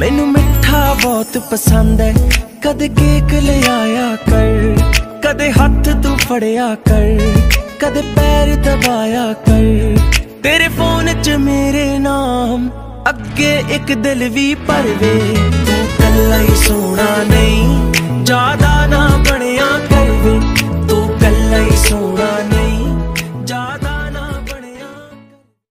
ਮੈਨੂੰ ਮਿੱਠਾ ਬਹੁਤ ਪਸੰਦ ਹੈ ਕਦੇ ਕੇਕ ਲਿਆਇਆ ਕਰ ਕਦੇ ਹੱਥ ਤੂੰ ਫੜਿਆ ਕਰ ਕਦੇ ਪੈਰ ਦਬਾਇਆ ਕਰ ਤੇਰੇ ਫੋਨ 'ਚ ਮੇਰੇ ਨਾਮ ਅੱਗੇ ਇੱਕ ਦਿਲ ਵੀ ਪਰਵੇ